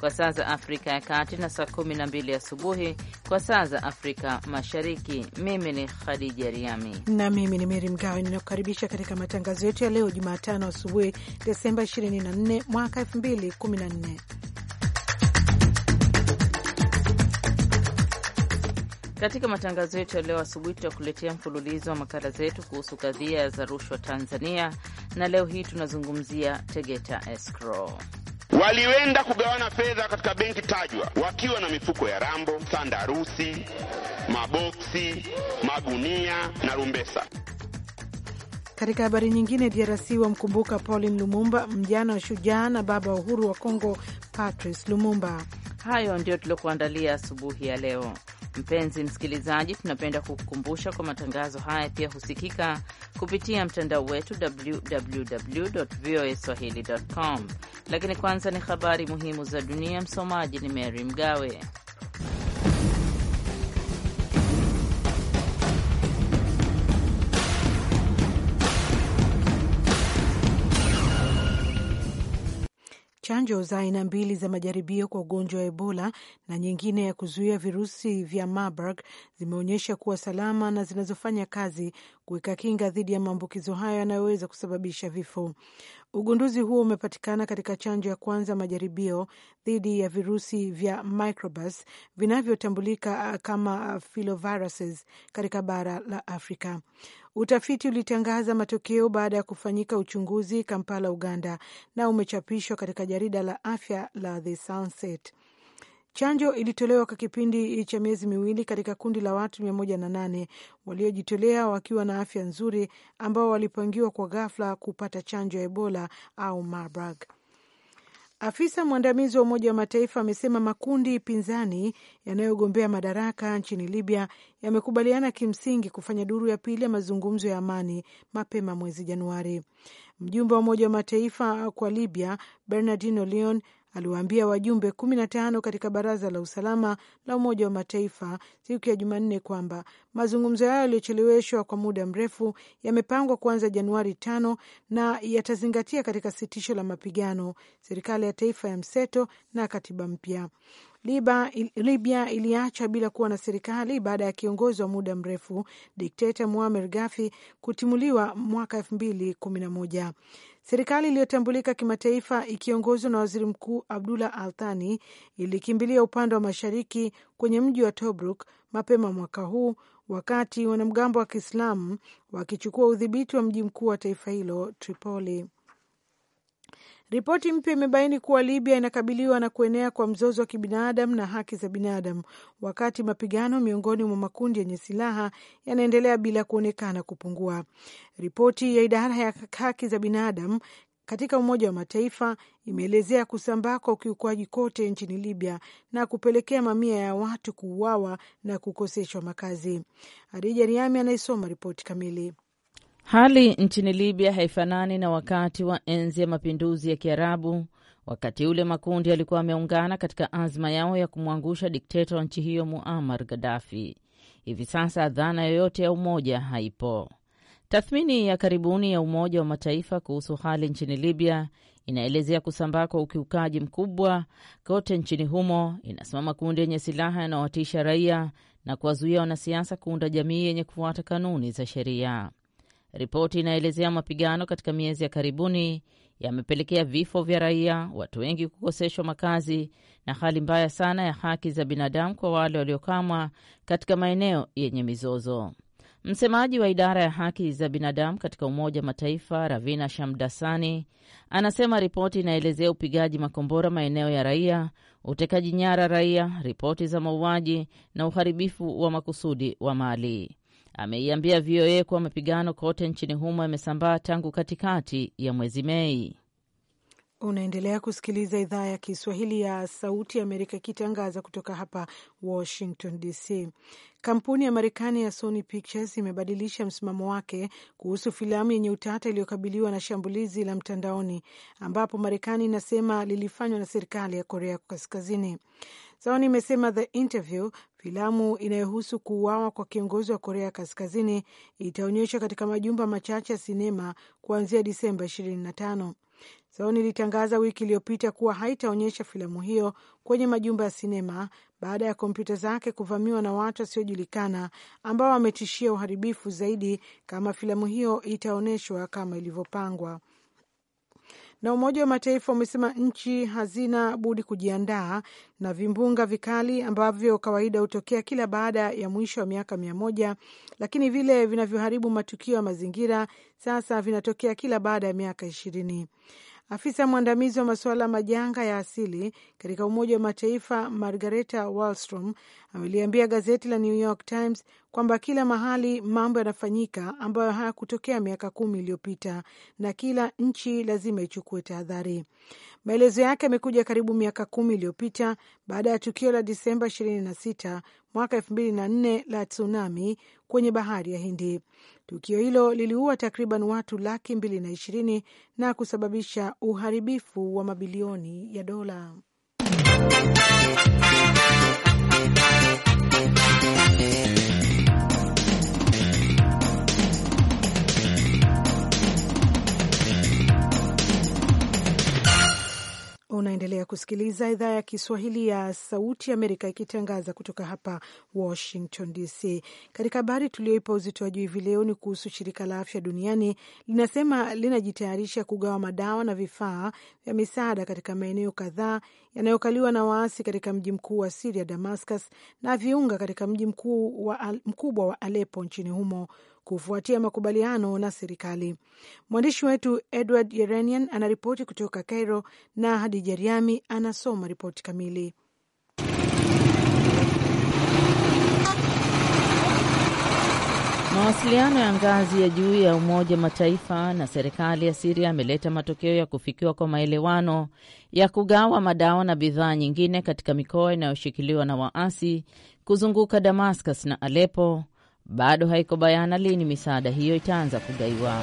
kwa saa za Afrika ya Kati na saa mbili asubuhi kwa saa za Afrika Mashariki. Mimi ni Khadija Riami na mimi ni Meri Mgawe, ninakukaribisha katika matangazo yetu ya leo Jumatano asubuhi, Desemba 24 mwaka 2014. Katika matangazo yetu ya leo asubuhi tutakuletea mfululizo wa makala zetu kuhusu kadhia za rushwa Tanzania, na leo hii tunazungumzia Tegeta Escrow walienda kugawana fedha katika benki tajwa wakiwa na mifuko ya rambo, sandarusi, maboksi, magunia na rumbesa. Katika habari nyingine, DRC wamkumbuka Paulin Lumumba, mjana wa shujaa na baba wa uhuru wa congo Patrice Lumumba. Hayo ndiyo tuliokuandalia asubuhi ya leo. Mpenzi msikilizaji, tunapenda kukukumbusha kwa matangazo haya pia husikika kupitia mtandao wetu www voa swahili com lakini kwanza ni habari muhimu za dunia. Msomaji ni Mary Mgawe. Chanjo za aina mbili za majaribio kwa ugonjwa wa Ebola na nyingine ya kuzuia virusi vya Marburg zimeonyesha kuwa salama na zinazofanya kazi kuweka kinga dhidi ya maambukizo hayo yanayoweza kusababisha vifo. Ugunduzi huo umepatikana katika chanjo ya kwanza majaribio dhidi ya virusi vya microbus vinavyotambulika uh, kama filoviruses katika bara la Afrika. Utafiti ulitangaza matokeo baada ya kufanyika uchunguzi Kampala, Uganda, na umechapishwa katika jarida la afya la The Lancet. Chanjo ilitolewa kwa kipindi cha miezi miwili katika kundi la watu mia moja na nane waliojitolea wakiwa na afya nzuri ambao walipangiwa kwa ghafla kupata chanjo ya Ebola au Marburg. Afisa mwandamizi wa Umoja wa Mataifa amesema makundi pinzani yanayogombea madaraka nchini Libya yamekubaliana kimsingi kufanya duru ya pili ya mazungumzo ya amani mapema mwezi Januari. Mjumbe wa Umoja wa Mataifa kwa Libya Bernardino Leon aliwaambia wajumbe kumi na tano katika Baraza la Usalama la Umoja wa Mataifa siku ya Jumanne kwamba mazungumzo hayo yaliyocheleweshwa kwa muda mrefu yamepangwa kuanza Januari tano na yatazingatia katika sitisho la mapigano, serikali ya taifa ya mseto na katiba mpya. Libya iliachwa bila kuwa na serikali baada ya kiongozi wa muda mrefu dikteta Muammar Gaddafi kutimuliwa mwaka elfu mbili kumi na moja. Serikali iliyotambulika kimataifa ikiongozwa na waziri mkuu Abdullah Althani ilikimbilia upande wa mashariki kwenye mji wa Tobruk mapema mwaka huu, wakati wanamgambo wa Kiislamu wakichukua udhibiti wa mji mkuu wa taifa hilo Tripoli. Ripoti mpya imebaini kuwa Libya inakabiliwa na kuenea kwa mzozo wa kibinadamu na haki za binadamu, wakati mapigano miongoni mwa makundi yenye silaha yanaendelea bila kuonekana kupungua. Ripoti ya idara ya haki za binadamu katika Umoja wa Mataifa imeelezea kusambaa kwa ukiukwaji kote nchini Libya na kupelekea mamia ya watu kuuawa na kukoseshwa makazi. Hadija Riami anaisoma ripoti kamili. Hali nchini Libya haifanani na wakati wa enzi ya mapinduzi ya Kiarabu. Wakati ule makundi yalikuwa yameungana katika azma yao ya kumwangusha dikteta wa nchi hiyo Muammar Gaddafi. Hivi sasa dhana yoyote ya umoja haipo. Tathmini ya karibuni ya Umoja wa Mataifa kuhusu hali nchini Libya inaelezea kusambaa kwa ukiukaji mkubwa kote nchini humo. Inasema makundi yenye silaha yanaowatisha raia na kuwazuia wanasiasa kuunda jamii yenye kufuata kanuni za sheria. Ripoti inaelezea mapigano katika miezi ya karibuni yamepelekea vifo vya raia, watu wengi kukoseshwa makazi na hali mbaya sana ya haki za binadamu kwa wale waliokamwa katika maeneo yenye mizozo. Msemaji wa idara ya haki za binadamu katika Umoja wa Mataifa Ravina Shamdasani anasema ripoti inaelezea upigaji makombora maeneo ya raia, utekaji nyara raia, ripoti za mauaji na uharibifu wa makusudi wa mali ameiambia VOA kuwa mapigano kote nchini humo yamesambaa tangu katikati ya mwezi Mei. Unaendelea kusikiliza idhaa ya Kiswahili ya Sauti ya Amerika ikitangaza kutoka hapa Washington DC. Kampuni ya Marekani ya Sony Pictures imebadilisha msimamo wake kuhusu filamu yenye utata iliyokabiliwa na shambulizi la mtandaoni ambapo Marekani inasema lilifanywa na serikali ya Korea Kaskazini. Sawani imesema The Interview, filamu inayohusu kuuawa kwa kiongozi wa Korea Kaskazini, itaonyeshwa katika majumba machache ya sinema kuanzia Disemba 25. Sawani ilitangaza wiki iliyopita kuwa haitaonyesha filamu hiyo kwenye majumba ya sinema baada ya kompyuta zake kuvamiwa na watu wasiojulikana ambao wametishia uharibifu zaidi kama filamu hiyo itaonyeshwa kama ilivyopangwa na Umoja wa Mataifa umesema nchi hazina budi kujiandaa na vimbunga vikali ambavyo kawaida hutokea kila baada ya mwisho wa miaka mia moja, lakini vile vinavyoharibu matukio ya mazingira sasa vinatokea kila baada ya miaka ishirini. Afisa mwandamizi wa masuala ya majanga ya asili katika Umoja wa Mataifa Margareta Wallstrom ameliambia gazeti la New York Times kwamba kila mahali mambo yanafanyika ambayo hayakutokea miaka kumi iliyopita na kila nchi lazima ichukue tahadhari. Maelezo yake yamekuja karibu miaka kumi iliyopita baada ya tukio la Disemba 26 mwaka 2004 la tsunami kwenye bahari ya Hindi. Tukio hilo liliua takriban watu laki mbili na ishirini na kusababisha uharibifu wa mabilioni ya dola. unasikiliza idhaa ya Kiswahili ya Sauti Amerika ikitangaza kutoka hapa Washington DC. Katika habari tuliyoipa uzito wa juu hivi leo ni kuhusu shirika la afya duniani linasema linajitayarisha kugawa madawa na vifaa vya misaada katika maeneo kadhaa yanayokaliwa na waasi katika mji mkuu wa Siria, Damascus, na viunga katika mji mkuu mkubwa wa Alepo nchini humo kufuatia makubaliano na serikali. Mwandishi wetu Edward Yeranian anaripoti kutoka Cairo na Hadija Riami anasoma ripoti kamili. Mawasiliano ya ngazi ya juu ya Umoja Mataifa na serikali ya Siria yameleta matokeo ya kufikiwa kwa maelewano ya kugawa madawa na bidhaa nyingine katika mikoa inayoshikiliwa na waasi kuzunguka Damascus na Alepo bado haiko bayana lini misaada hiyo itaanza kugaiwa.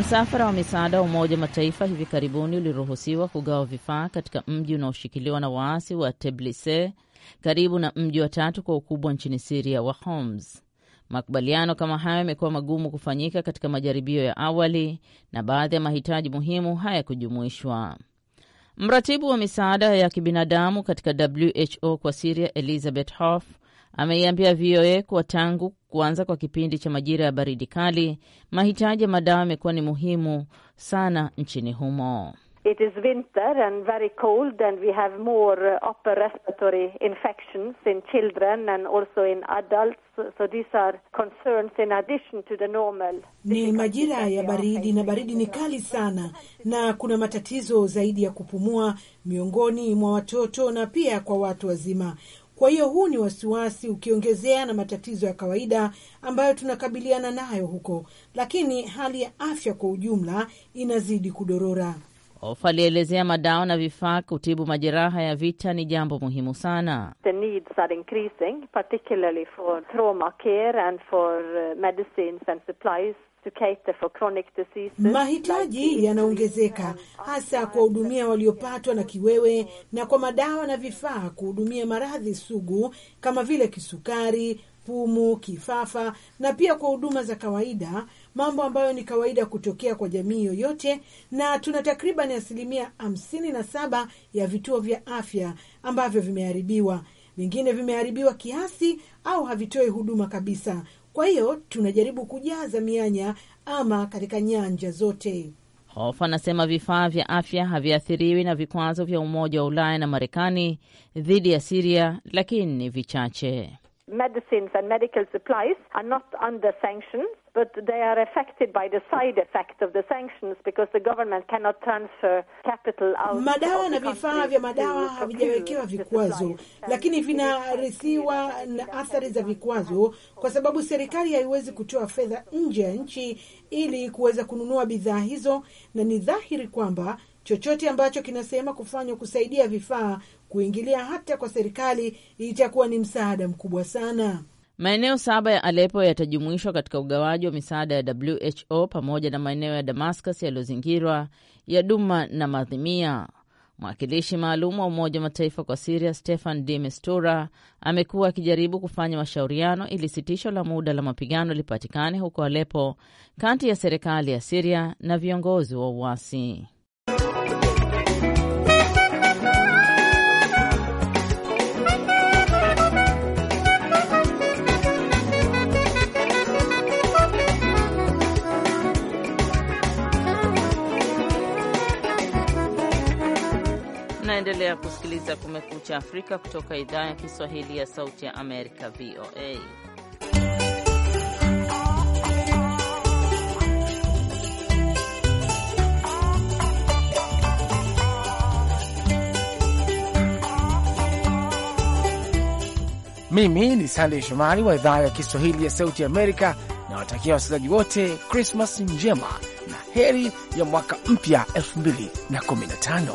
Msafara wa misaada wa Umoja wa Mataifa hivi karibuni uliruhusiwa kugawa vifaa katika mji unaoshikiliwa na waasi wa Teblise karibu na mji wa tatu kwa ukubwa nchini Siria wa Homs. Makubaliano kama hayo yamekuwa magumu kufanyika katika majaribio ya awali na baadhi ya mahitaji muhimu hayakujumuishwa. Mratibu wa misaada ya kibinadamu katika WHO kwa Siria, Elizabeth Hof, ameiambia VOA kuwa tangu kuanza kwa kipindi cha majira ya baridi kali, mahitaji ya madawa yamekuwa ni muhimu sana nchini humo it is winter and very cold, and we have more uh, upper respiratory infections in children and also in adults. So these are concerns in addition to the normal. Ni majira ya baridi na baridi ni kali sana, na kuna matatizo zaidi ya kupumua miongoni mwa watoto na pia kwa watu wazima. Kwa hiyo huu ni wasiwasi ukiongezea na matatizo ya kawaida ambayo tunakabiliana nayo huko, lakini hali ya afya kwa ujumla inazidi kudorora. Of alielezea madawa na vifaa kutibu majeraha ya vita ni jambo muhimu sana. The needs are increasing particularly for trauma care and for uh, medicines and supplies. To cater for chronic diseases, mahitaji yanaongezeka hasa kuwahudumia waliopatwa na kiwewe na kwa madawa na vifaa kuhudumia maradhi sugu kama vile kisukari, pumu, kifafa na pia kwa huduma za kawaida mambo ambayo ni kawaida kutokea kwa jamii yoyote, na tuna takriban asilimia hamsini na saba ya vituo vya afya ambavyo vimeharibiwa, vingine vimeharibiwa kiasi au havitoi huduma kabisa. Kwa hiyo tunajaribu kujaza mianya ama katika nyanja zote. Hof anasema vifaa vya afya haviathiriwi na vikwazo vya Umoja wa Ulaya na Marekani dhidi ya Siria, lakini ni vichache medicines and medical supplies are not under sanctions, but they are affected by the side effect of the sanctions because the government cannot transfer capital out. Madawa na vifaa vya madawa havijawekewa vikwazo, lakini vinarithiwa na athari za vikwazo, kwa sababu serikali haiwezi kutoa fedha nje ya nchi ili kuweza kununua bidhaa hizo, na ni dhahiri kwamba chochote ambacho kinasema kufanywa kusaidia vifaa kuingilia hata kwa serikali itakuwa ni msaada mkubwa sana. Maeneo saba ya Alepo yatajumuishwa katika ugawaji wa misaada ya WHO pamoja na maeneo ya Damascus yaliyozingirwa ya Duma na Madhimia. Mwakilishi maalum wa Umoja wa Mataifa kwa Siria Stefan de Mistura amekuwa akijaribu kufanya mashauriano ili sitisho la muda la mapigano lipatikane huko Alepo kati ya serikali ya Siria na viongozi wa uasi. Unaendelea kusikiliza Kumekucha Afrika kutoka idhaa ya Kiswahili ya Sauti ya Amerika, VOA. Mimi ni Sandey Shomari wa idhaa ya Kiswahili ya Sauti Amerika, na watakia wasikilizaji wote Krismas njema na heri ya mwaka mpya 2015.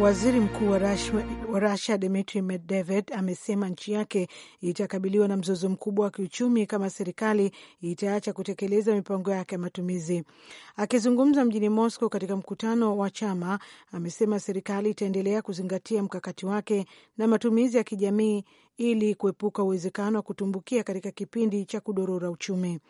Waziri Mkuu wa Rusia Dmitri Medvedev amesema nchi yake itakabiliwa na mzozo mkubwa wa kiuchumi kama serikali itaacha kutekeleza mipango yake ya matumizi. Akizungumza mjini Moscow katika mkutano wa chama, amesema serikali itaendelea kuzingatia mkakati wake na matumizi ya kijamii ili kuepuka uwezekano wa kutumbukia katika kipindi cha kudorora uchumi.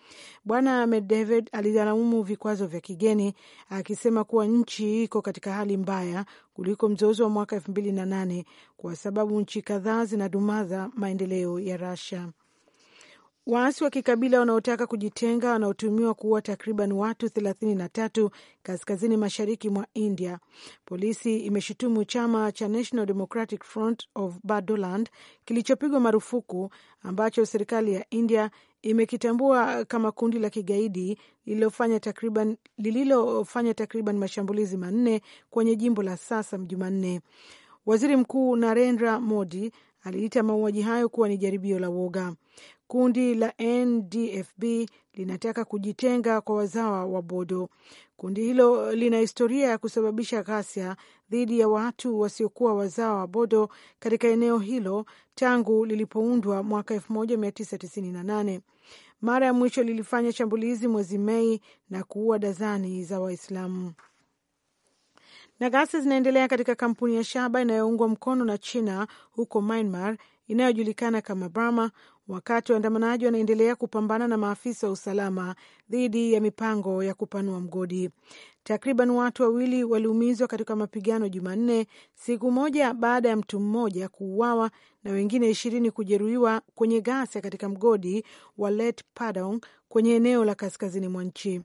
Bwana Medvedev alilaumu vikwazo vya kigeni akisema kuwa nchi iko katika hali mbaya kuliko mzozo wa mwaka elfu mbili na nane kwa sababu nchi kadhaa zinadumaza maendeleo ya Russia. Waasi wa kikabila wanaotaka kujitenga wanaotumiwa kuua takriban watu thelathini na tatu kaskazini mashariki mwa India. Polisi imeshutumu chama cha National Democratic Front of Bardoland kilichopigwa marufuku ambacho serikali ya India imekitambua kama kundi la kigaidi lililofanya takriban lililofanya takriban mashambulizi manne kwenye jimbo la Sasam Jumanne. Waziri Mkuu Narendra Modi aliita mauaji hayo kuwa ni jaribio la woga. Kundi la NDFB linataka kujitenga kwa wazawa wa Bodo. Kundi hilo lina historia ya kusababisha ghasia dhidi ya watu wasiokuwa wazawa wa Bodo katika eneo hilo tangu lilipoundwa mwaka 1998. Mara ya mwisho lilifanya shambulizi mwezi Mei na kuua dazani za Waislamu. Na ghasia zinaendelea katika kampuni ya shaba inayoungwa mkono na China huko Myanmar inayojulikana kama Burma, wakati waandamanaji wanaendelea kupambana na maafisa wa usalama dhidi ya mipango ya kupanua mgodi. Takriban watu wawili waliumizwa katika mapigano Jumanne, siku moja baada ya mtu mmoja kuuawa na wengine ishirini kujeruhiwa kwenye ghasia katika mgodi wa Let Padong kwenye eneo la kaskazini mwa nchi.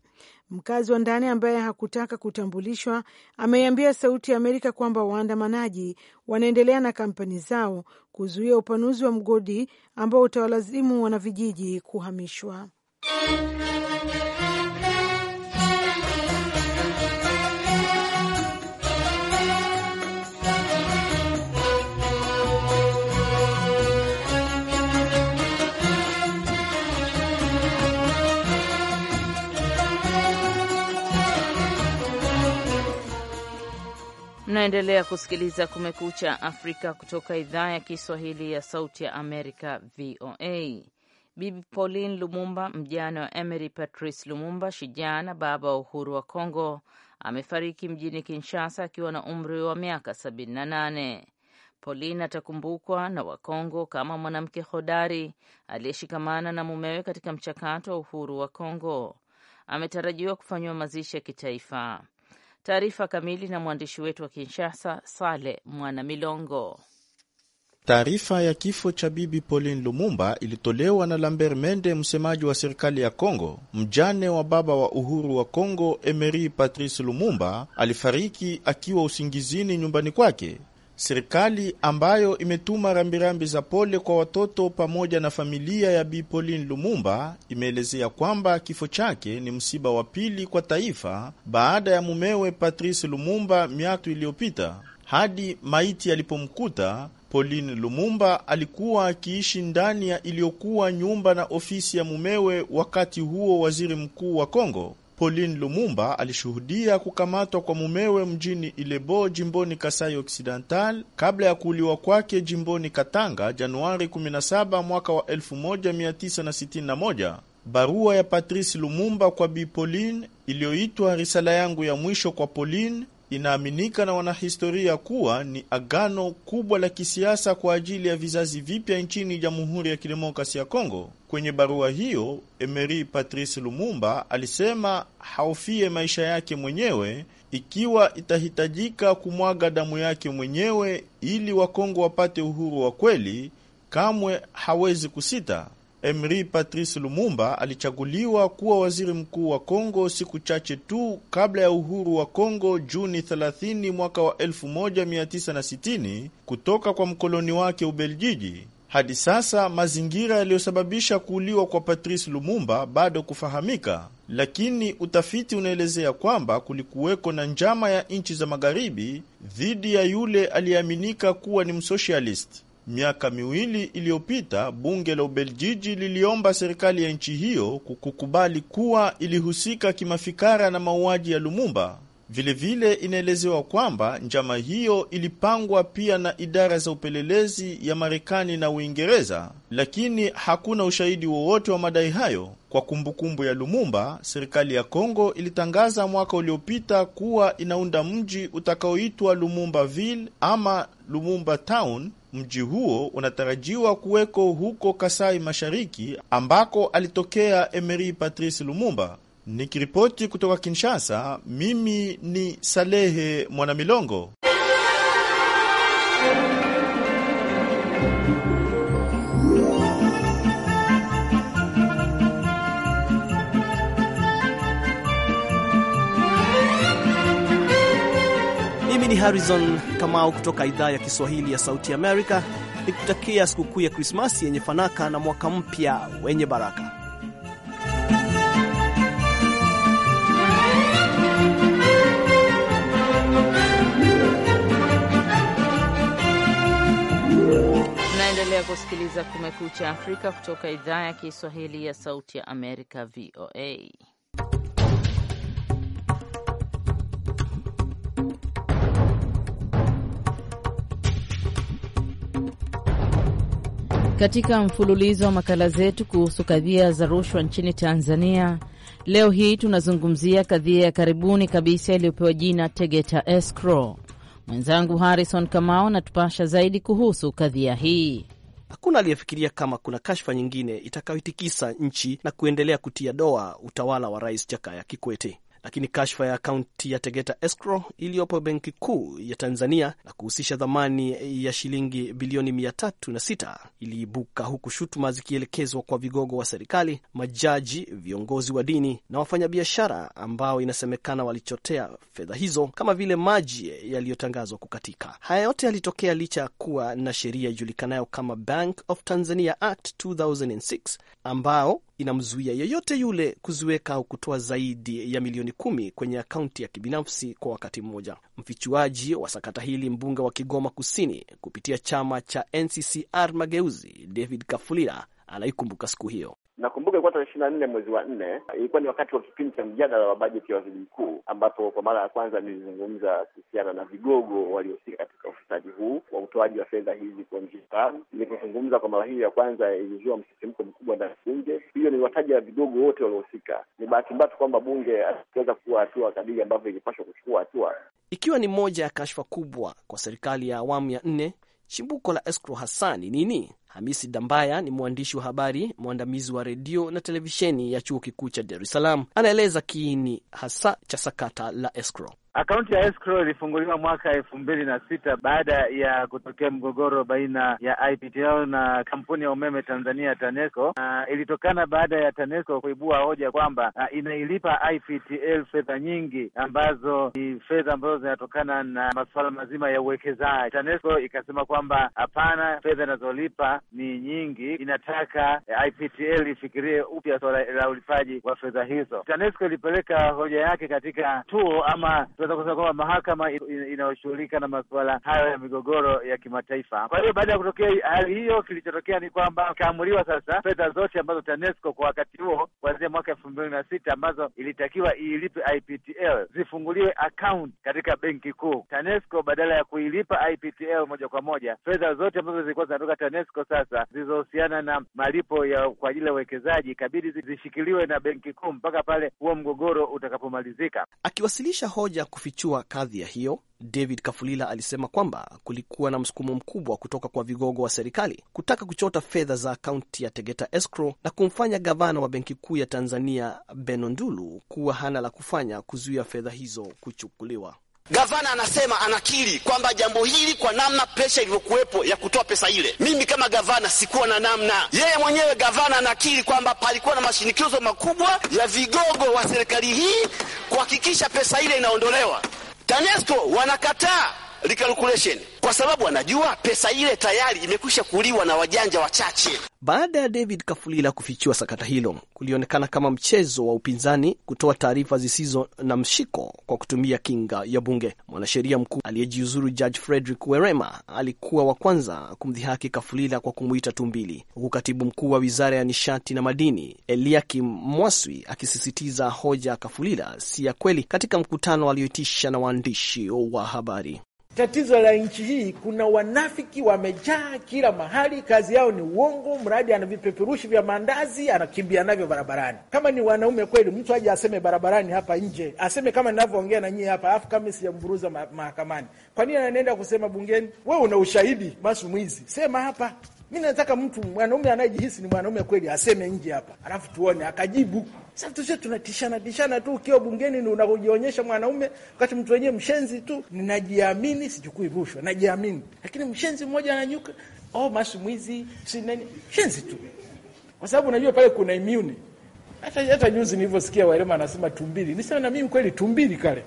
Mkazi wa ndani ambaye hakutaka kutambulishwa ameiambia Sauti ya Amerika kwamba waandamanaji wanaendelea na kampeni zao kuzuia upanuzi wa mgodi ambao utawalazimu wanavijiji kuhamishwa. Mnaendelea kusikiliza Kumekucha Afrika kutoka idhaa ya Kiswahili ya Sauti ya Amerika, VOA. Bibi Pauline Lumumba, mjane wa Emery Patrice Lumumba, shujaa na baba wa uhuru wa congo amefariki mjini Kinshasa akiwa na umri wa miaka 78. Pauline atakumbukwa na Wakongo kama mwanamke hodari aliyeshikamana na mumewe katika mchakato wa uhuru wa congo Ametarajiwa kufanyiwa mazishi ya kitaifa. Taarifa kamili na mwandishi wetu wa Kinshasa, Sale Mwana Milongo. Taarifa ya kifo cha bibi Pauline Lumumba ilitolewa na Lambert Mende, msemaji wa serikali ya Kongo. Mjane wa baba wa uhuru wa Kongo, Emery Patrice Lumumba, alifariki akiwa usingizini nyumbani kwake. Serikali ambayo imetuma rambirambi za pole kwa watoto pamoja na familia ya Bi Pauline Lumumba imeelezea kwamba kifo chake ni msiba wa pili kwa taifa baada ya mumewe Patrice Lumumba miatu iliyopita. Hadi maiti alipomkuta, Pauline Lumumba alikuwa akiishi ndani ya iliyokuwa nyumba na ofisi ya mumewe, wakati huo waziri mkuu wa Kongo. Pauline Lumumba alishuhudia kukamatwa kwa mumewe mjini Ilebo jimboni Kasai Occidental kabla ya kuuliwa kwake jimboni Katanga Januari 17 mwaka wa 1961. Barua ya Patrice Lumumba kwa Bi Pauline iliyoitwa risala yangu ya mwisho kwa Pauline inaaminika na wanahistoria kuwa ni agano kubwa la kisiasa kwa ajili ya vizazi vipya nchini Jamhuri ya Kidemokrasi ya Kongo. Kwenye barua hiyo, Emery Patrice Lumumba alisema haofie maisha yake mwenyewe ikiwa itahitajika kumwaga damu yake mwenyewe ili Wakongo wapate uhuru wa kweli, kamwe hawezi kusita. Emery Patrice Lumumba alichaguliwa kuwa waziri mkuu wa Kongo siku chache tu kabla ya uhuru wa Kongo Juni 30 mwaka wa 1960 kutoka kwa mkoloni wake Ubeljiji. Hadi sasa mazingira yaliyosababisha kuuliwa kwa Patrice Lumumba bado kufahamika, lakini utafiti unaelezea kwamba kulikuweko na njama ya nchi za magharibi dhidi ya yule aliyeaminika kuwa ni msosialisti. Miaka miwili iliyopita bunge la Ubeljiji liliomba serikali ya nchi hiyo kukubali kuwa ilihusika kimafikara na mauaji ya Lumumba. Vilevile inaelezewa kwamba njama hiyo ilipangwa pia na idara za upelelezi ya Marekani na Uingereza, lakini hakuna ushahidi wowote wa madai hayo. Kwa kumbukumbu ya Lumumba, serikali ya Kongo ilitangaza mwaka uliopita kuwa inaunda mji utakaoitwa Lumumba Ville ama Lumumba Town Mji huo unatarajiwa kuweko huko Kasai Mashariki ambako alitokea Emery Patrice Lumumba. Nikiripoti kutoka Kinshasa, mimi ni Salehe Mwanamilongo. Harrison Kamau kutoka idhaa ya Kiswahili ya Sauti Amerika, nikutakia sikukuu ya Krismasi yenye fanaka na mwaka mpya wenye baraka. tunaendelea kusikiliza Kumekucha Afrika kutoka idhaa ya Kiswahili ya Sauti ya Amerika, VOA. Katika mfululizo wa makala zetu kuhusu kadhia za rushwa nchini Tanzania, leo hii tunazungumzia kadhia ya karibuni kabisa iliyopewa jina Tegeta Escrow. Mwenzangu Harrison Kamao anatupasha zaidi kuhusu kadhia hii. Hakuna aliyefikiria kama kuna kashfa nyingine itakayoitikisa nchi na kuendelea kutia doa utawala wa Rais Jakaya Kikwete lakini kashfa ya akaunti ya Tegeta Escrow iliyopo Benki Kuu ya Tanzania na kuhusisha thamani ya shilingi bilioni 306 iliibuka huku shutuma zikielekezwa kwa vigogo wa serikali, majaji, viongozi wa dini na wafanyabiashara ambao inasemekana walichotea fedha hizo kama vile maji yaliyotangazwa kukatika. Haya yote yalitokea licha ya kuwa na sheria ijulikanayo kama Bank of Tanzania Act 2006 ambao inamzuia yeyote yule kuziweka au kutoa zaidi ya milioni kumi kwenye akaunti ya kibinafsi kwa wakati mmoja. Mfichuaji wa sakata hili, mbunge wa Kigoma Kusini kupitia chama cha NCCR Mageuzi, David Kafulila anaikumbuka siku hiyo. Nakumbuka ilikuwa tarehe ishirini na nne mwezi wa nne, ilikuwa ni wakati wa kipindi cha mjadala wa bajeti ya waziri mkuu, ambapo kwa mara ya kwanza nilizungumza kuhusiana na vigogo waliohusika katika ufisadi huu wa utoaji wa fedha hizi kwa njia haramu. Nilipozungumza kwa mara hiyo ya kwanza, ilizua msisimko mkubwa ndani ya bunge. Hiyo niliwataja vigogo wote waliohusika. Ni bahati mbaya tu kwamba bunge akiweza kuwa hatua kadiri ambavyo ilipashwa kuchukua hatua, ikiwa ni moja ya kashfa kubwa kwa serikali ya awamu ya nne Chimbuko la escrow hasa ni nini? Hamisi Dambaya ni mwandishi wa habari mwandamizi wa redio na televisheni ya chuo kikuu cha Dar es Salaam, anaeleza kiini hasa cha sakata la escrow. Akaunti ya escrow ilifunguliwa mwaka elfu mbili na sita baada ya kutokea mgogoro baina ya IPTL na kampuni ya umeme Tanzania TANESCO. Uh, ilitokana baada ya TANESCO kuibua hoja kwamba uh, inailipa IPTL fedha nyingi ambazo ni fedha ambazo zinatokana na masuala mazima ya uwekezaji. TANESCO ikasema kwamba hapana, fedha inazolipa ni nyingi, inataka IPTL ifikirie upya suala la ulipaji wa fedha hizo. TANESCO ilipeleka hoja yake katika tuo ama tunaweza kusema kwamba mahakama inayoshughulika na masuala hayo ya migogoro ya kimataifa. Kwa hiyo baada ya kutokea hali hiyo, kilichotokea ni kwamba ikaamuliwa sasa fedha zote ambazo TANESCO kwa wakati huo kuanzia mwaka elfu mbili na sita ambazo ilitakiwa iilipe IPTL zifunguliwe akaunti katika benki kuu. TANESCO badala ya kuilipa IPTL moja kwa moja, fedha zote ambazo zilikuwa zinatoka TANESCO sasa zilizohusiana na malipo ya kwa ajili ya uwekezaji ikabidi zishikiliwe na benki kuu mpaka pale huo mgogoro utakapomalizika. Akiwasilisha hoja kufichua kadhia hiyo, David Kafulila alisema kwamba kulikuwa na msukumo mkubwa kutoka kwa vigogo wa serikali kutaka kuchota fedha za akaunti ya Tegeta Escrow na kumfanya gavana wa Benki Kuu ya Tanzania benondulu kuwa hana la kufanya kuzuia fedha hizo kuchukuliwa. Gavana anasema anakiri kwamba jambo hili kwa namna presha ilivyokuwepo ya kutoa pesa ile, mimi kama gavana sikuwa na namna. Yeye mwenyewe gavana anakiri kwamba palikuwa na mashinikizo makubwa ya vigogo wa serikali hii kuhakikisha pesa ile inaondolewa. TANESCO wanakataa recalculation, kwa sababu anajua pesa ile tayari imekwisha kuliwa na wajanja wachache. Baada ya David Kafulila kufichua sakata hilo, kulionekana kama mchezo wa upinzani kutoa taarifa zisizo na mshiko kwa kutumia kinga ya bunge. Mwanasheria mkuu aliyejiuzuru Judge Frederick Werema alikuwa wa kwanza kumdhihaki Kafulila kwa kumwita tumbili, huku katibu mkuu wa wizara ya nishati na madini Eliakim Mwaswi akisisitiza hoja Kafulila si ya kweli katika mkutano alioitisha na waandishi wa habari. Tatizo la nchi hii, kuna wanafiki wamejaa kila mahali. Kazi yao ni uongo, mradi ana vipeperushi vya maandazi anakimbia navyo barabarani. Kama ni wanaume kweli, mtu aje aseme barabarani hapa nje, aseme kama ninavyoongea na nyie hapa, afu kama sijamburuza mahakamani. Kwa nini anaenda kusema bungeni? We una ushahidi, basi mwizi, sema hapa. Mi nataka mtu mwanaume anayejihisi ni mwanaume kweli aseme nje hapa, alafu tuone akajibu. Sasa vitu tunatishana tishana tu, ukiwa bungeni ni unajionyesha mwanaume, wakati mtu wenyewe mshenzi tu. Ninajiamini, sichukui rushwa, najiamini, lakini mshenzi mmoja ananyuka, oh, masumwizi si nani, mshenzi tu, kwa sababu unajua pale kuna immune hata hata nilivyosikia warema anasema tumbili, nisema na mimi kweli tumbili kale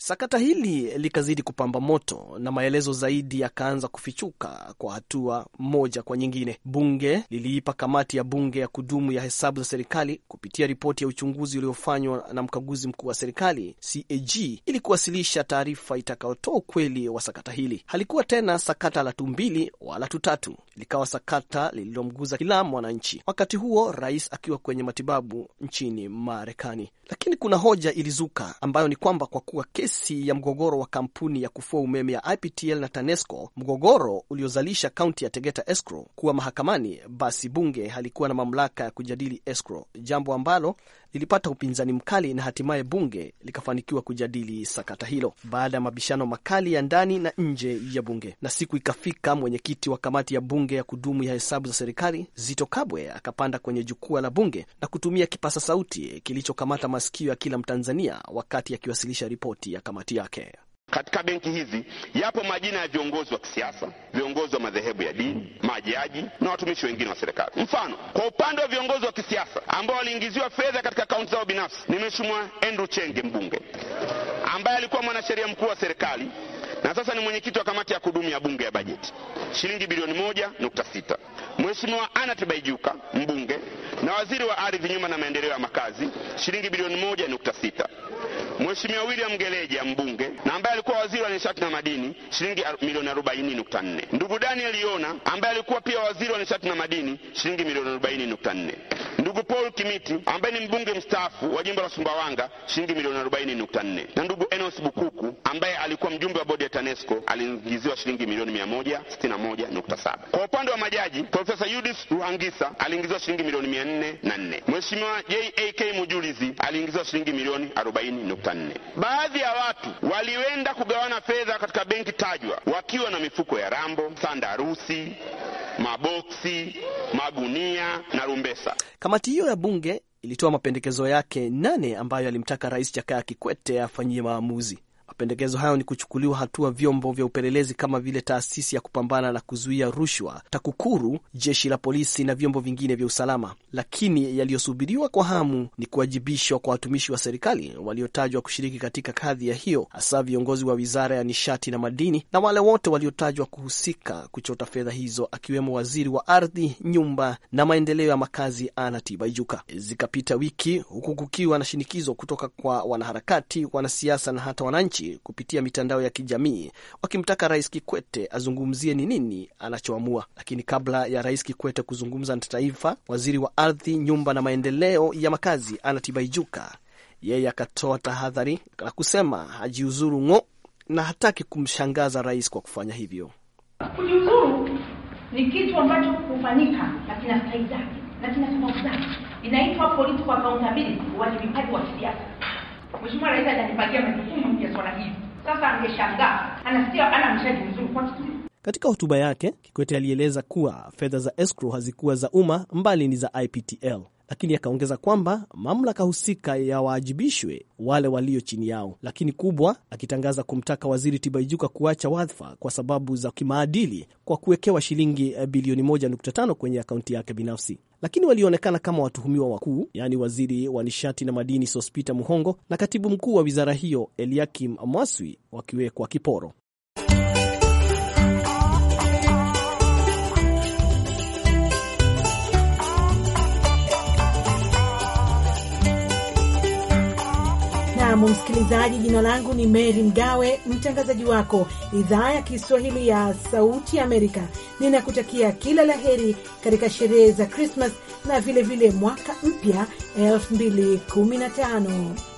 Sakata hili likazidi kupamba moto na maelezo zaidi yakaanza kufichuka kwa hatua moja kwa nyingine. Bunge liliipa kamati ya bunge ya kudumu ya hesabu za serikali kupitia ripoti ya uchunguzi uliofanywa na mkaguzi mkuu wa serikali CAG ili kuwasilisha taarifa itakayotoa ukweli wa sakata hili. Halikuwa tena sakata la tumbili wala tutatu, likawa sakata lililomguza kila mwananchi, wakati huo rais akiwa kwenye matibabu nchini Marekani. Lakini kuna hoja ilizuka ambayo ni kwamba kwa kuwa kesi ya mgogoro wa kampuni ya kufua umeme ya IPTL na TANESCO, mgogoro uliozalisha kaunti ya Tegeta escrow kuwa mahakamani, basi bunge halikuwa na mamlaka ya kujadili escrow, jambo ambalo lilipata upinzani mkali na hatimaye bunge likafanikiwa kujadili sakata hilo baada ya mabishano makali ya ndani na nje ya bunge. Na siku ikafika, mwenyekiti wa kamati ya bunge ya kudumu ya hesabu za serikali Zito Kabwe akapanda kwenye jukwaa la bunge na kutumia kipasa sauti kilichokamata masikio ya kila Mtanzania wakati akiwasilisha ripoti ya kamati yake. Katika benki hizi yapo majina ya viongozi wa kisiasa, viongozi wa madhehebu ya dini, majaji na watumishi wengine wa serikali. Mfano, kwa upande wa viongozi wa kisiasa ambao waliingiziwa fedha katika akaunti zao binafsi ni Mheshimiwa Andrew Chenge, mbunge ambaye alikuwa mwanasheria mkuu wa serikali na sasa ni mwenyekiti wa kamati ya kudumu ya bunge ya bajeti, shilingi bilioni moja nukta sita. Mheshimiwa Anat Baijuka, mbunge na waziri wa ardhi, nyumba na maendeleo ya makazi, shilingi bilioni moja nukta sita. Mheshimiwa William Geleja mbunge na ambaye alikuwa waziri wa nishati na madini shilingi milioni 40.4. Ndugu Daniel Yona ambaye alikuwa pia waziri wa nishati na madini shilingi milioni 40.4. Ndugu Paul Kimiti ambaye ni mbunge mstaafu wa jimbo la Sumbawanga shilingi milioni 40.4, na ndugu Enos Bukuku ambaye alikuwa mjumbe wa bodi ya TANESCO aliingiziwa shilingi milioni 161.7. Kwa upande wa majaji, Profesa Judith Ruhangisa aliingiziwa shilingi milioni 404. Mheshimiwa JAK Mujulizi aliingiziwa shilingi milioni 40 nukta nne. Baadhi ya watu walienda kugawana fedha katika benki tajwa wakiwa na mifuko ya rambo, sandarusi, maboksi, magunia na rumbesa. Kamati hiyo ya bunge ilitoa mapendekezo yake nane ambayo alimtaka Rais Jakaya Kikwete afanyie maamuzi. Mapendekezo hayo ni kuchukuliwa hatua vyombo vya upelelezi kama vile taasisi ya kupambana na kuzuia rushwa, TAKUKURU, jeshi la polisi na vyombo vingine vya usalama, lakini yaliyosubiriwa kwa hamu ni kuwajibishwa kwa watumishi wa serikali waliotajwa kushiriki katika kadhia hiyo, hasa viongozi wa wizara ya nishati na madini na wale wote waliotajwa kuhusika kuchota fedha hizo, akiwemo waziri wa ardhi, nyumba na maendeleo ya makazi Anne Tibaijuka. Zikapita wiki huku kukiwa na shinikizo kutoka kwa wanaharakati, wanasiasa na hata wananchi kupitia mitandao ya kijamii wakimtaka Rais Kikwete azungumzie ni nini anachoamua. Lakini kabla ya Rais Kikwete kuzungumza na taifa, waziri wa ardhi, nyumba na maendeleo ya makazi anatibaijuka Tibaijuka yeye akatoa tahadhari na kusema hajiuzuru ng'o na hataki kumshangaza rais kwa kufanya hivyo. Kujiuzuru ni kitu ambacho hufanyika na kina staili zake na kina sababu zake, inaitwa political accountability, uwajibikaji wa kisiasa. Mheshimiwa Rais atanipatia majukumu ya swala hili. Sasa angeshangaa anasikia ana mzuri kwa kitu. Katika hotuba yake Kikwete alieleza kuwa fedha za escrow hazikuwa za umma, mbali ni za IPTL lakini akaongeza kwamba mamlaka husika yawaajibishwe wale walio chini yao, lakini kubwa akitangaza kumtaka waziri Tibaijuka kuacha wadhifa kwa sababu za kimaadili kwa kuwekewa shilingi eh, bilioni 1.5 kwenye akaunti yake binafsi. Lakini walioonekana kama watuhumiwa wakuu, yaani waziri wa nishati na madini sospita Muhongo na katibu mkuu wa wizara hiyo Eliakim Mwaswi wakiwekwa kiporo. Hujambo msikilizaji, jina langu ni Meri Mgawe, mtangazaji wako idhaa ya Kiswahili ya Sauti Amerika. Ninakutakia kila la heri katika sherehe za Krismas na vilevile vile mwaka mpya 2015.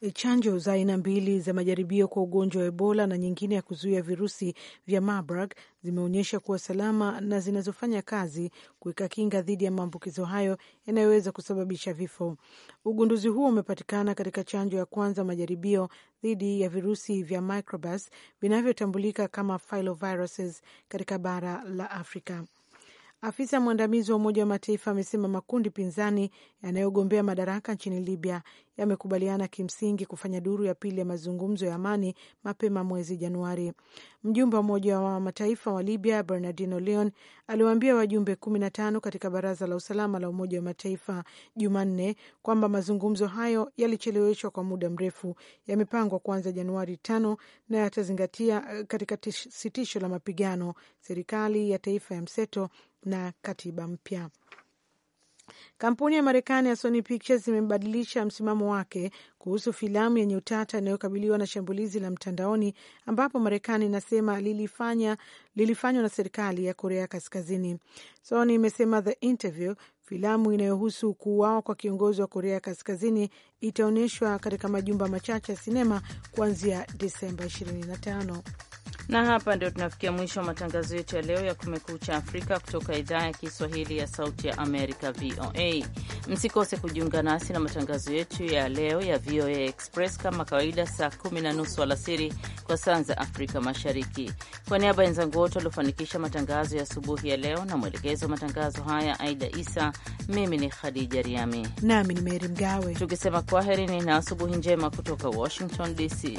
E, chanjo za aina mbili za majaribio kwa ugonjwa wa Ebola na nyingine ya kuzuia virusi vya Marburg zimeonyesha kuwa salama na zinazofanya kazi kuweka kinga dhidi ya maambukizo hayo yanayoweza kusababisha vifo. Ugunduzi huo umepatikana katika chanjo ya kwanza majaribio dhidi ya virusi vya microbus vinavyotambulika kama filoviruses katika bara la Afrika. Afisa mwandamizi wa Umoja wa Mataifa amesema makundi pinzani yanayogombea madaraka nchini Libya yamekubaliana kimsingi kufanya duru ya pili ya mazungumzo ya amani mapema mwezi Januari. Mjumbe wa Umoja wa Mataifa wa Libya Bernardino Leon aliwaambia wajumbe kumi na tano katika Baraza la Usalama la Umoja wa Mataifa Jumanne kwamba mazungumzo hayo yalicheleweshwa kwa muda mrefu, yamepangwa kuanza Januari tano na yatazingatia eh, katika sitisho la mapigano, serikali ya taifa ya mseto na katiba mpya. Kampuni ya Marekani ya Sony Pictures imebadilisha msimamo wake kuhusu filamu yenye utata inayokabiliwa na shambulizi la mtandaoni ambapo Marekani inasema lilifanya lilifanywa na serikali ya Korea Kaskazini. Sony imesema The Interview, filamu inayohusu kuuawa kwa kiongozi wa Korea Kaskazini, itaonyeshwa katika majumba machache ya sinema kuanzia Desemba 25. Na hapa ndio tunafikia mwisho wa matangazo yetu ya leo ya Kumekucha Afrika kutoka idhaa ya Kiswahili ya Sauti ya Amerika, VOA. Msikose kujiunga nasi na matangazo yetu ya leo ya VOA Express kama kawaida, saa kumi na nusu alasiri kwa saa za Afrika Mashariki. Kwa niaba ya wenzangu wote waliofanikisha matangazo ya asubuhi ya leo na mwelekezo wa matangazo haya Aida Isa, mimi ni Khadija Riami nami ni Meri Mgawe, tukisema kwaherini na asubuhi njema kutoka Washington DC.